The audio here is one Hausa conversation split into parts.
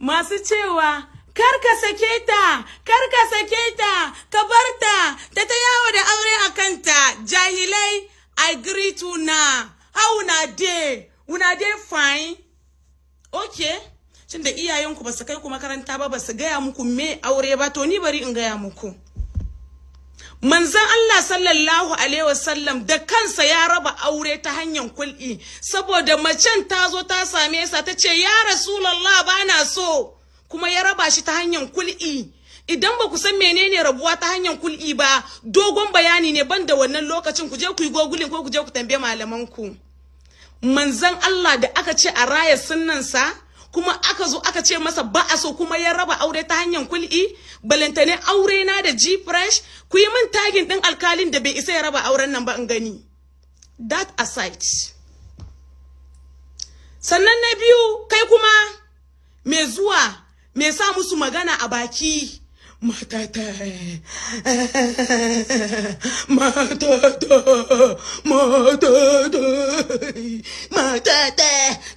masu cewa kar ka sake ta kar ka sake ta ka bar ta ta ta yawo da aure a kanta jahilai i greet na, how una dey una dey fine okay tunda iyayenku ba su kai ku makaranta ba ba su gaya muku me aure ba to ni bari in gaya muku Manzan Allah sallallahu alaihi wasallam da kansa ya raba aure ta hanyar kul'i saboda macen ta zo ta same sa ta ce ya rasu rasulullah bana so kuma ya raba shi ta hanyar kul'i idan ba ku san menene rabuwa ta hanyar kul'i ba dogon bayani ne banda wannan lokacin ku je ku yi gogulin ko ku je ku tambaye malaman ku manzon Allah da aka ce a raya sunnansa kuma aka zo aka ce masa ba a so kuma ya raba aure ta hanyar kul'i balantane aure na da g fresh ku yi min tagin din alkalin da bai isa ya raba auren nan ba in gani that aside sannan na biyu kai kuma mai zuwa mai sa musu magana a baki matata matata matata matata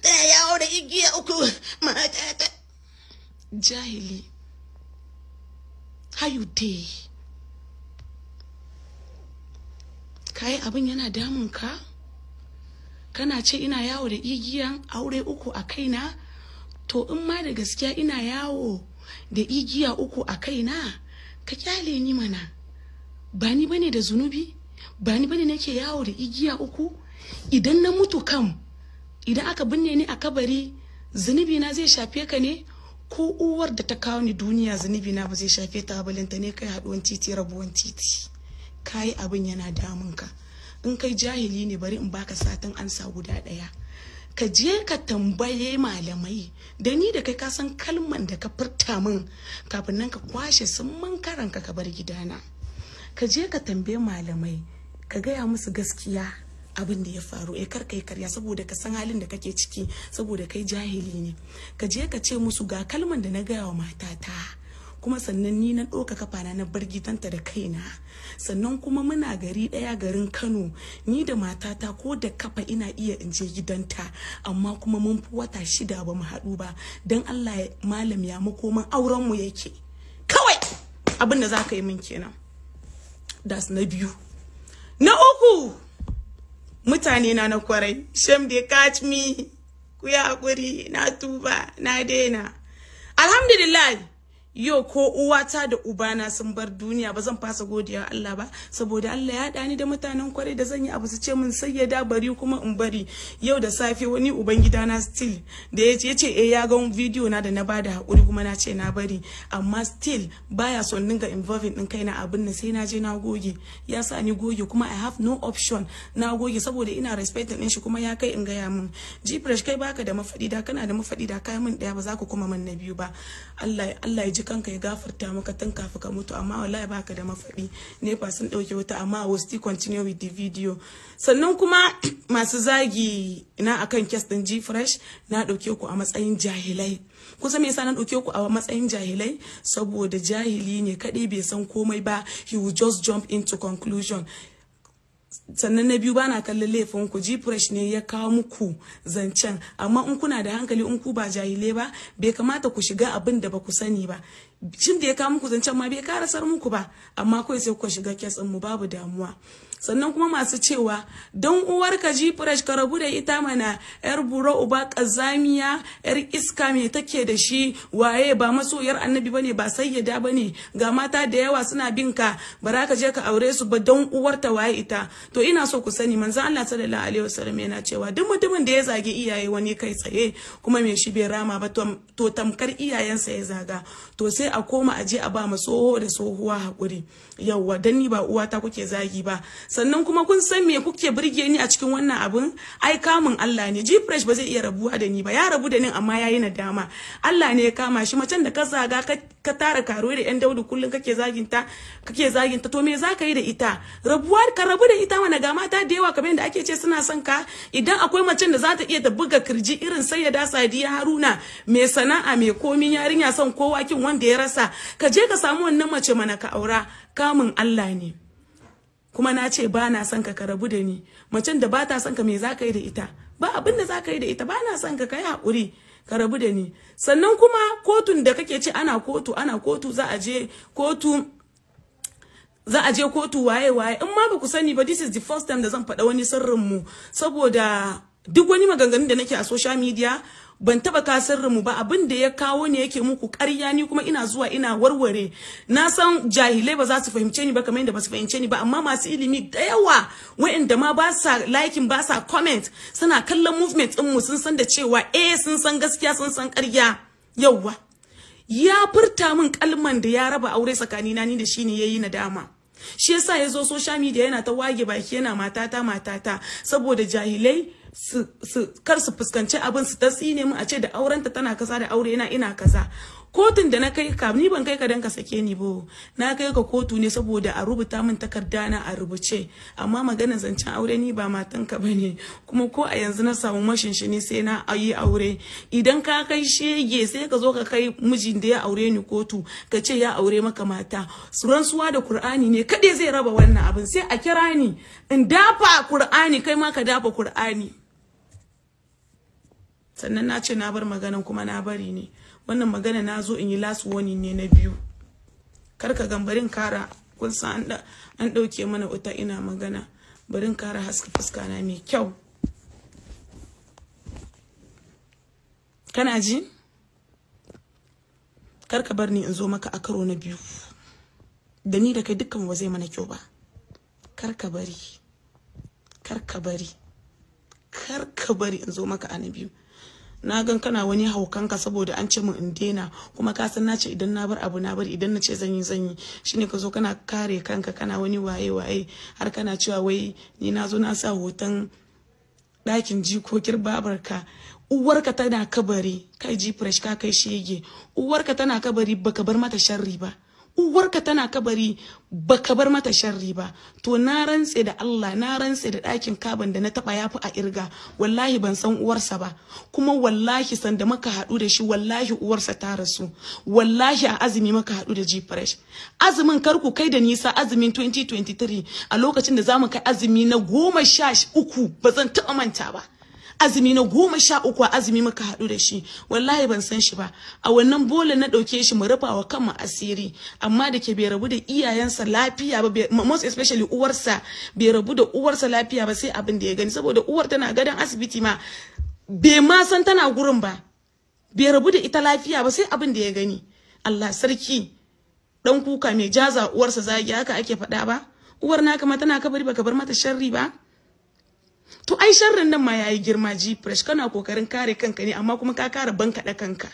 tana yawo da igiya uku matata jahili how you dey kayi abin yana damun ka kana ce ina yawo da igiyan aure uku a kaina to in ma da gaskiya ina yawo da igiya uku a kaina ka kyale ni mana ba ni bane da zunubi ba ni bane nake yawo da igiya uku idan na mutu kam idan aka binne ni a kabari zunubi na zai shafe ka ne ko uwar da ta kawo ni duniya zunubi na ba zai shafe ta balinta ne kai haduwan titi rabuwan titi kayi abin yana damun ka in kai jahili ne bari in baka satin ansa guda ɗaya ka je ka tambaye malamai da ni da kai kasan kalman da ka furta min kafin nan ka kwashe sun man karanka ka bar gidana ka je ka tambaye malamai ka gaya musu gaskiya abin da ya faru ya eh, kar kai karya saboda ka san halin da kake ciki saboda kai jahili ne ka je ka ce musu ga kalman da na gaya wa matata kuma sannan ni na kafa kafana na bar gidanta da kaina sannan kuma muna gari ɗaya garin kano ni da matata ko da kafa ina iya in je gidanta amma kuma mun fi wata shida ba mu haɗu ba don allah malam ya makoman aurenmu yake kawai abin da za ka yi min kenan das na biyu na uku mutane na na kwarai shem dey catch me ku yi haƙuri na tuba na daina alhamdulillah yau ko uwata da ubana sun bar duniya ba zan fasa godiya Allah ba saboda Allah ya dani da mutanen kwarai da zan yi abu su ce min sayyada bari kuma in bari yau da safe wani ubangida na still da ya ce eh ya ga video na da na bada hakuri kuma na ce na bari amma still baya son dinga involving din kaina abin nan sai na je na goge ya sa ni goge kuma I have no option na goge saboda ina respect din shi kuma ya kai in gaya min ji kai baka da mafadi da kana da mafadi da kai min daya ba za ku kuma min na biyu ba Allah Allah ya kan kanka ya gafarta maka tun kafin ka mutu amma wallahi baka da mafadi ne fa sun dauke wata amma we still continue with the video sannan kuma masu zagi na akan kes din G fresh na dauke ku a matsayin jahilai kusa me yasa na dauke ku a matsayin jahilai saboda jahili ne kaɗai bai san komai ba he will just jump into conclusion sannan na biyu bana kallon laifin ku ji fresh ne ya kawo muku zancen amma in kuna da hankali in ku ba jahilai ba bai kamata ku shiga abin da ba ku sani ba shin da ya kawo muku zancen ma bai karasar muku ba amma kawai sai ku shiga kes mu babu damuwa sannan kuma masu cewa don uwar ka ji fresh ka rabu da ita mana yar buro uba kazamiya yar iska me take da shi waye ba masoyar annabi bane ba sayyada bane ga mata da yawa suna bin ka bara ka je ka aure su ba don uwar ta waye ita to ina so ku sani manzo Allah sallallahu alaihi wasallam yana cewa duk mutumin da ya zagi iyaye wani kai tsaye kuma me shi bai rama ba to tamkar iyayensa ya zaga to sai a koma a je a ba masoho tsoho da tsohuwa hakuri yauwa dan ni ba uwata kuke zagi ba sannan kuma kun san me kuke burge ni a cikin wannan abin ai kamun Allah ne ji fresh ba zai iya rabuwa da ni ba ya rabu da ni amma yayi nadama Allah ne ya kama shi macen da ka zaga ka tara karo da yan daudu kullun kake zaginta kake zaginta to me zaka yi da ita rabuwa ka rabu da ita mana ga mata da yawa kamar yadda ake ce suna son ka idan akwai macen da za ta iya ta buga kirji irin sayyada sadiya haruna mai sana'a mai komin yarinya son kowa kin wanda ya rasa ka je ka samu wannan mace mana ka aura kamun Allah ne kuma na ce ba na son ka ka rabu da ni macen da ba ta son ka me za ka yi da ita ba abin da za ka yi da ita ba na son ka ka yi haƙuri ka rabu da ni sannan kuma kotun da kake ce ana kotu ana kotu za a je kotu za a je kotu waye waye in ma ba ku sani ba this is the first time da zan faɗa wani sirrin mu saboda duk wani maganganun da nake a social media ban taba kasar mu ba abin da ya kawo ne yake muku ƙarya ni kuma ina zuwa ina warware na san jahilai ba za su fahimce ni ba kamar yadda ba su fahimce ni ba amma masu ilimi da yawa waɗanda ma ba sa liking ba sa comment suna kallon movement din mu sun san da cewa eh sun san gaskiya sun san ƙarya yawa ya furta min kalman da ya raba aure tsakanina ni da shi ne yayi nadama shi yasa yazo zo social media yana ta wage baki yana matata matata saboda jahilai su kar su fuskanci abin su ta tsine mu a ce da aurenta tana kasa da aure na ina kasa. kotun da na kai ka ni ban kai ka dan ka sake ni ba na kai ka kotu ne saboda a rubuta min takarda na a rubuce amma maganar zancen aure ni ba matanka bane kuma ko a yanzu na samu mashinshini sai na yi aure idan ka kai shege sai ka zo ka kai mijin da ya aure ni kotu ka ce ya aure maka mata suransuwa da qur'ani ne kade zai raba wannan abin sai a kira ni in dafa qur'ani kai ma ka dafa qur'ani sannan na ce na bar maganan kuma na bari ne wannan magana na zo in yi last warning ne na biyu karka gambarin kara kun san an ɗauke mana wuta ina magana barin kara haska fuska na mai kyau kana ji karka bar ni in zo maka a karo na biyu da ni da kai dukkan ba zai mana kyau ba karka bari karka bari karka bari in zo maka a na biyu na gan kana wani haukanka saboda an ce min in daina kuma ka san na ce idan na bar abu na bar idan na ce zan yi zan yi shine ka zo kana kare kanka kana wani waye waye har kana cewa wai ni na zo na sa hoton ɗakin jikokin babarka uwarka tana kabari kai ji fresh ka kai shege uwarka tana kabari baka bar mata sharri ba uwarka tana kabari ba ka bar mata sharri ba to na rantse da Allah na rantse da ɗakin kaban da na taba yafi a irga wallahi ban san uwarsa ba kuma wallahi sanda maka haɗu da shi wallahi uwarsa ta rasu wallahi a azumi maka haɗu da G-Fresh azumin karku kai da nisa azumin 2023 a lokacin da za mu kai azumi na goma sha uku ba zan taɓa manta ba azumi na goma sha uku a azumi muka haɗu da shi wallahi ban san shi ba a wannan bola na ɗauke shi mu rufa wa kanmu asiri amma da ke bai rabu da iyayensa lafiya ba most especially uwarsa bai rabu da uwarsa lafiya ba sai abin da ya gani saboda uwar tana gadon asibiti ma bai ma san tana gurin ba bai rabu da ita lafiya ba sai abin da ya gani Allah sarki dan kuka mai jaza uwarsa zagi haka ake faɗa ba uwar naka ma tana kabari baka bar mata sharri ba to ai sharrin nan ma yayi girma ji fresh kana kokarin kare kanka ne amma kuma ka kare banka da kanka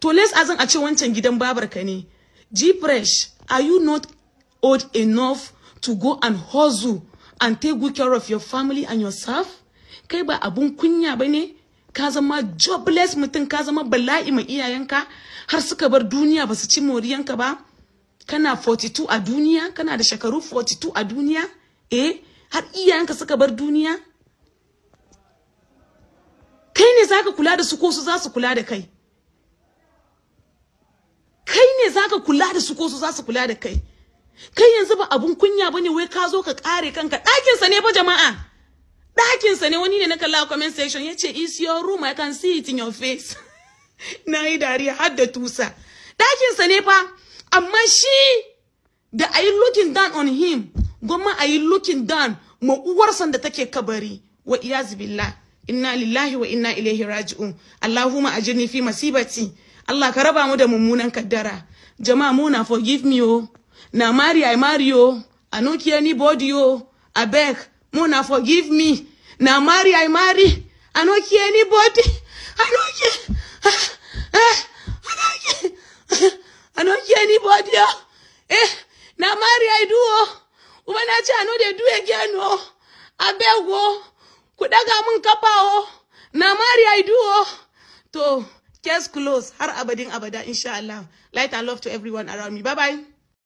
to less azan a ce wancan gidan babarka ne ji fresh are you not old enough to go and hustle and take good care of your family and yourself kai ba abun kunya bane ka zama jobless mutum ka zama bala'i ma iyayenka har suka bar duniya ba su ci moriyanka ba kana 42 a duniya kana da shekaru 42 a duniya eh har iyayenka suka bar duniya kai ne zaka kula da su ko su za su kula da kai kai ne zaka kula da su ko su za su kula da kai kai yanzu ba abun kunya bane wai ka zo ka kare kanka ɗakin sa ne ba jama'a ɗakin sa ne wani ne na kalla comment section yace is your room i can see it in your face na yi dariya har da tusa ɗakin sa ne fa amma shi da ayi looking down on him goma ayi looking down ma uwarsa da take kabari wa iyazi billah inna lillahi wa inna ilaihi raji'un allahumma ajirni fi masibati allah ka raba mu da mummunan kaddara jama'a mu na forgive me oh. na marry i marry o i no anybody I abeg mu na forgive me na marry i marry i don't kill anybody i no kill i don't kill anybody oh. eh na marry i do oh. uba na ce ano da duwe geno abego ku daga min kafawo na mari i duo to case close har abadin abada insha Allah light and love to everyone around me bye bye